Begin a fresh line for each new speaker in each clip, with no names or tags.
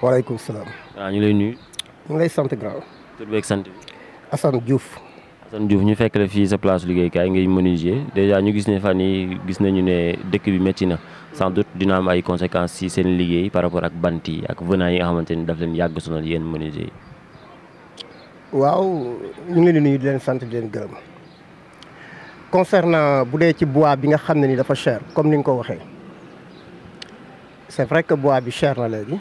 waaleykum salaam. waaw ñu lay nuyu. ñu ngi lay sant grand.
tur beeg sant bi. Assane Diouf. Assane Diouf ñu fekk la fii sa place liggéeykaay ngay menuisier déjà ñu gis ne fan nii gis nañu ne dëkk bi métti na sans doute dina am ay conséquences ci seen liggéey par rapport ak bant yi ak venant yi nga xamante ni daf leen yàgg sonal yéen menuisier yi.
waaw ñu ngi leen di nuyu leen sant di leen gërëm concernant bu dee ci bois bi nga xam ne ni dafa cher comme ni nga ko waxee c'est vrai que bois bi cher na léegi.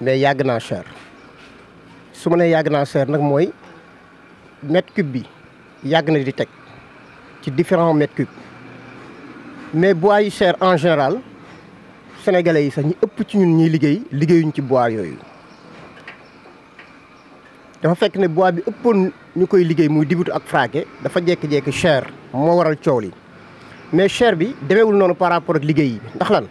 mais yàgg na cher suma ne nee yàgg naa cher nag mooy mètre cube bi yàgg na di teg ci différent mètres cubes mais bois yu cher en général sénégalais yi sax ñu ëpp ci ñun ñuy liggéey liggéeyuñ ci bois yooyu. dafa fekk ne bois bi ëppoon ñu koy liggéey muy dibutu ak fraqué dafa jékki-jékki cher moo waral coow li mais cher bi demeewul noonu par rapport ak liggéey ndax lan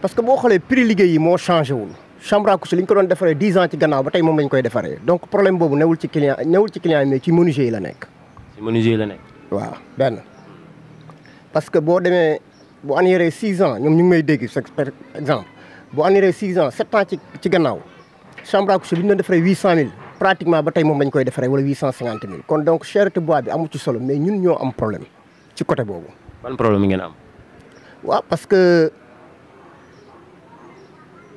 parce que boo xoolee pri liggéey yi moo changé wul. chambre à ñu ko doon defaree dix ans ci gannaaw ba tey moom la ñu koy defaree donc problème boobu newul ci client newul ci client la nekk. ci menuisier
yi la nekk.
waaw benn parce que boo demee bu annulé six ans ñoom ñu ngi may dégg par exemple bu annulé six ans ci ci gannaaw chambre à bi ñu doon defaree huit cent mille pratiquement ba tey moom la ñu koy defaree wala huit cent cinquante mille. kon donc cherté bois bi amu ci solo mais ñun ñoo am problème ci côté boobu.
ban problème ngeen am.
waaw parce que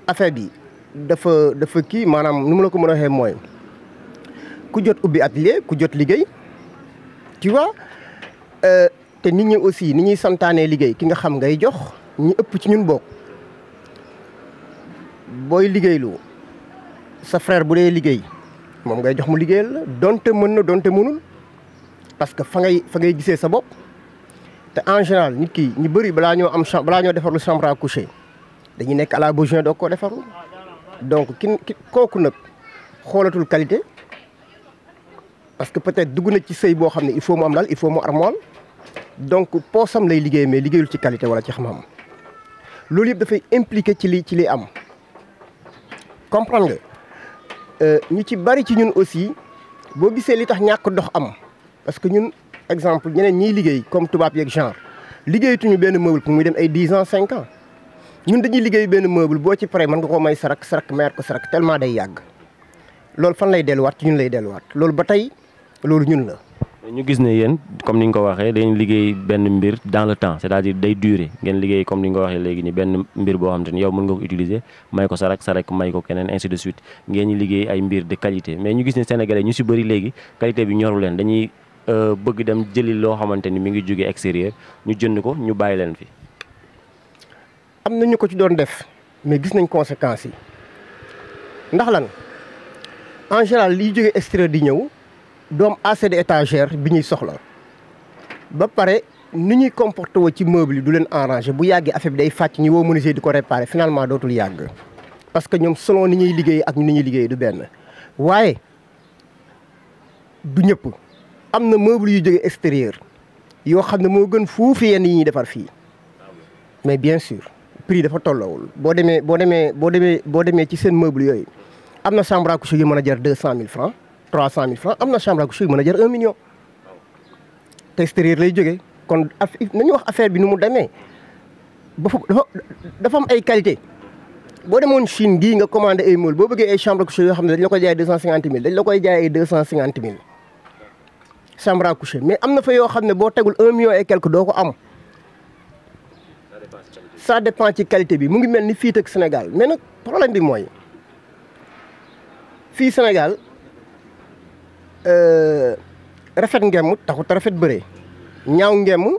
affaire bi. dafa dafa kii maanaam nu ma la ko mën a waxee mooy ku jot ubbi atelier ku jot liggéey tu vois euh, te nit ñi aussi ni ñuy santaanee liggéey ki nga xam ngay jox ñi ëpp ci ñun bokk booy liggéeylu sa bu dee liggéey moom ngay jox mu liggéeyal donte mën na donte mënul parce que fa ngay fa ngay gisee sa bopp te en général nit ki ñu bëri balaa ñoo am balaa ñoo defarlu chambre à coucher dañuy nekk à la besoin doo ko defarlu donc kin kooku nag xoolatul qualité parce que peut-être dugg na ci sëy boo xam ne il faut mu am daal il mu armool donc poosam lay liggéey mais liggéeyul ci qualité wala ci xam-xam loolu yëpp dafay impliqué ci li ci li am comprendre nga euh, ñu ci bari ci ñun aussi boo gisee li tax ñàkk dox am parce que ñun exemple ñeneen ñiy liggéey comme tubaab yeeg genre liggéeyatuñu benn meuble pour muy dem ay dix ans cinq ñun dañuy liggéey benn meuble boo ci paree mën nga ko may sarak sarak mayaat ko sarak tellement day yàgg loolu fan lay delluwaat ci ñun lay delluwaat loolu ba tey loolu ñun la.
ñu gis ne yéen comme ni nga ko waxee dañu liggéey benn mbir dans le temps c'est-à-dire day durer ngeen liggéey comme ni nga waxee léegi ni benn mbir boo xam ni yow mën nga ko utiliser may ko sarak sarak may ko keneen ainsi de suite ngeen ñu liggéey ay mbir de qualité mais ñu gis ne Sénégalais ñu si bëri léegi qualité bi ñoru leen dañuy euh, bëgg dem jëli loo xamante ni mi ngi jóge extérieur ñu jënd ko ñu bàyyi leen fi.
am na ñu ko ci doon def mais gis nañ conséquences yi ndax lan en général liy jógee extérieur di ñëw doom assez de étagère bi ñuy soxla ba pare ni ñuy comporté woo ci meuble yi du leen arrangé bu yàggee affaire bi day fàcc ñi woo menuisier di ko réparé finalement dootul yàgg parce que ñoom selon ni ñuy liggéey ak ni ñuy liggéey du benn waaye du ñëpp am na meuble yu jóge extérieur yoo xam ne moo gën fuufi yenn ñuy defar fii mais bien sûr prix dafa tolloowul boo demee boo demee boo demee boo demee ci seen meuble yooyu am na chambre à coucher yu mën a jar deux cent mille francs trois cent mille francs am na chambre à coucher yu a jar un million te extérieur lay jógee kon nañu wax affaire bi nu mu demee ba dafa dafa am ay qualité boo demoon Chine gii nga commandé ay mool boo bëggee ay chambre à coucher yoo xam ne dañ la jaay ay deux cent cinquante mais am na fa yoo xam ne boo tegul un million et quelque doo ko am ça dépend ci qualité bi mu ngi mel ni fii ak Sénégal mais nag problème bi mooy fii Sénégal euh, rafet mu taxut a rafet bëree ñaaw mu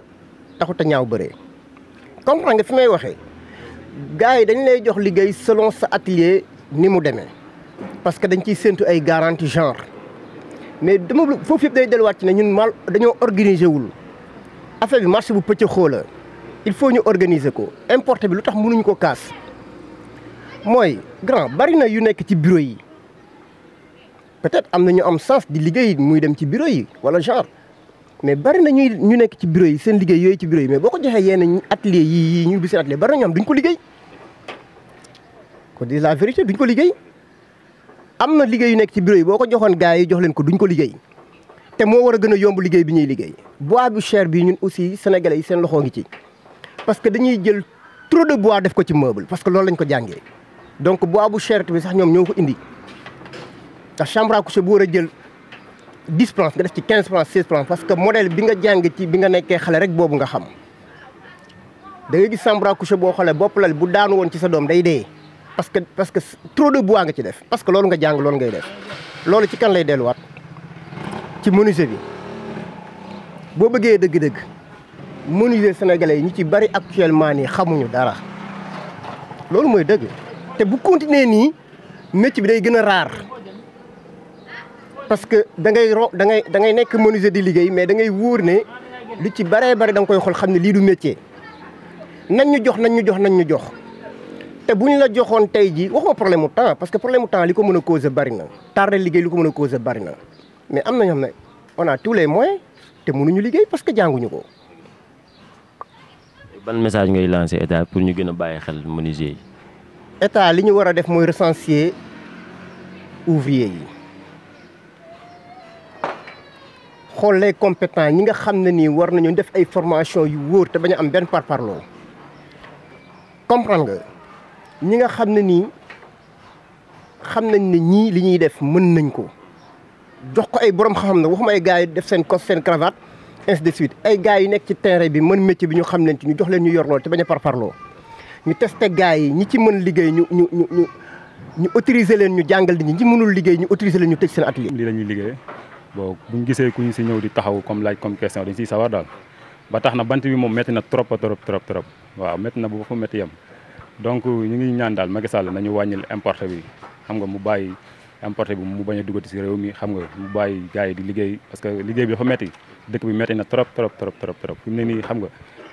taxut a ñaaw bëree comprendre nga fi may waxee gars yi dañ lay jox liggéey selon sa atelier ni mu demee parce que dañ ciy séntu ay garantie genre mais dama foofu yëpp day delluwaat ci ne ñun mal dañoo organiser wul affaire bi marché bu pëcc xoola il faut ñu organiser ko importé bi lu tax mënuñu ko kaas mooy grand bari na yu nekk ci bureau yi peut-être am na ñu am sens di liggéey muy dem ci bureau yi wala genre mais bari na ñuy ñu nekk ci bureau yi seen liggéey yooyu ci bureau yi mais boo ko joxee yenn atelier yii ñu ubbi seen atelier bari na ñu am duñ ko liggéey ko di la vérité duñ ko liggéey am na liggéey yu nekk ci bureau yi boo ko joxoon gars yi jox leen ko duñ ko liggéey te moo war a gën a yomb liggéey bi ñuy liggéey bois bu cher bi ñun aussi sénégalais yi seen loxo ngi ci. parce que dañuy jël trop de bois def ko ci meuble parce que loolu lañ ko jàngee donc bois bu cher bi sax ñoom ñoo ko indi ndax chambre à bu war a jël dix plans nga def ci quinze plans seize plans parce que modèle bi nga jàng ci bi nga nekkee xale rek boobu nga xam da ngay gis chambre à coucher boo xoolee bopp lal bu daanu woon ci sa doom day dee. parce que parce que trop de bois nga ci def parce que loolu nga jàng loolu ngay def loolu ci kan lay delluwaat ci menuisier bi boo bëggee dëgg-dëgg. menuisier sénégalais yi ñu ci bari actuellement nii xamuñu dara loolu mooy dëgg te bu continuer nii métier bi day gën a raar parce que da ngay ro da ngay da nekk menuisier di liggéey mais da ngay wóor ne lu ci baree bari da nga koy xool xam ne lii du métier nañ ñu jox nañ ñu jox nañ ñu jox te bu ñu la joxoon tey jii waxuma problème mu temps parce que problème mu li ko mën a causer bari na tardé liggéey li ko mën a causer bari na mais am na ñoo xam ne a tous les moyens te mënuñu liggéey parce que jànguñu ko.
ban message ngay lancé état pour ñu gën a bàyyi xel menuisier
yi. état li ñu war a def mooy recenser ouvrier yi xool les compétents ñi nga xam ne nii war nañu def ay formation yu wóor te bañ am benn parparloo comprendre nga ñi nga xam ne nii xam nañ ne ñii li ñuy def mën nañ ko jox ko ay borom xam-xam ne waxuma ay gars yi def seen cos seen cravate. ainsi de suite ay gars yi nekk ci terrain bi man métier bi ñu xam leen ci ñu jox leen ñu yor lool te bañ a parparloo ñu testé gars yi ñi ci mën liggéey ñu ñu ñu ñu leen ñu jàngal nit ñi ñi mënul liggéey ñu autoriser leen ñu tëj seen atelier. lii la ñuy liggéey
bon bu ñu gisee ku ñu si ñëw di taxaw comme laaj comme question dañ siy sawar daal ba tax na bant bi moom métti na trop trop trop trop waaw métti na bu fa métti yam donc ñu ngi ñaan daal Macky Sall nañu wàññil importé bi xam nga mu bàyyi importé bi mu bañ a duggati si réew mi xam nga mu bàyyi gars yi di liggéey parce que liggéey bi dafa metti dëkk bi metti na trop trop trop trop ne nii xam nga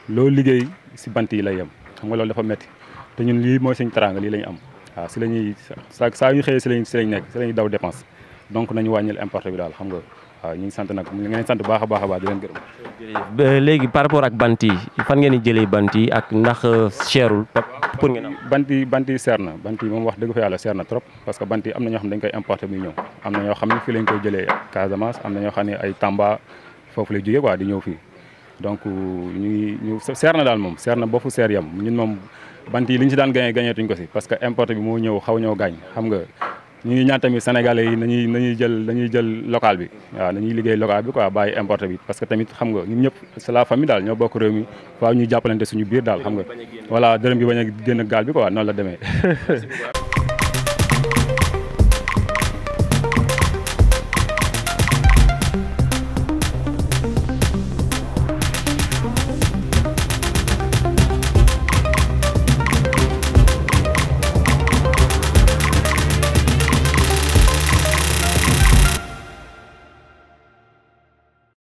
loolu liggéey si bant yi lay yem xam nga loolu dafa metti te ñun lii mooy suñ teraanga lii lañ am waaw si la ñuy saa saa yu xëyee si lañ si lañ nekk si la ñuy daw dépense donc nañu wàññil importé bi daal xam nga waaw ñu ngi sant nag ñu ngi leen sant baax a baax a baax di
leen léegi par rapport ak bant yi fan ngeen di jëlee
pour ngeen am bant yi bant seer na bant yi moom wax dëgg fa yàlla seer na trop parce que bant yi am na ñoo xam ne dañ koy importer lañ koy jëlee Casamance am na ñoo xam ne ay Tamba foofu lay jógee quoi di ñëw fii donc euh, ñu ñu seer na daal moom seer na ba fu seer yam ñun moom bant yi li ñu si daan gañee gañeetuñ ko si parce que importe bi moo ñëw xaw ñëw gaañ xam nga ñu ngi ñaan tamit sénégalais yi nañuy nañuy jël nañuy jël local bi waaw nañuy liggéey local bi quoi bàyyi importé bi parce que tamit xam nga ñun ñëpp c'est la famille daal ñoo bokk réew mi waaw ñuy jàppalante suñu biir daal xam nga voilà dërëm bi bañ a génn gaal bi quoi noonu la demee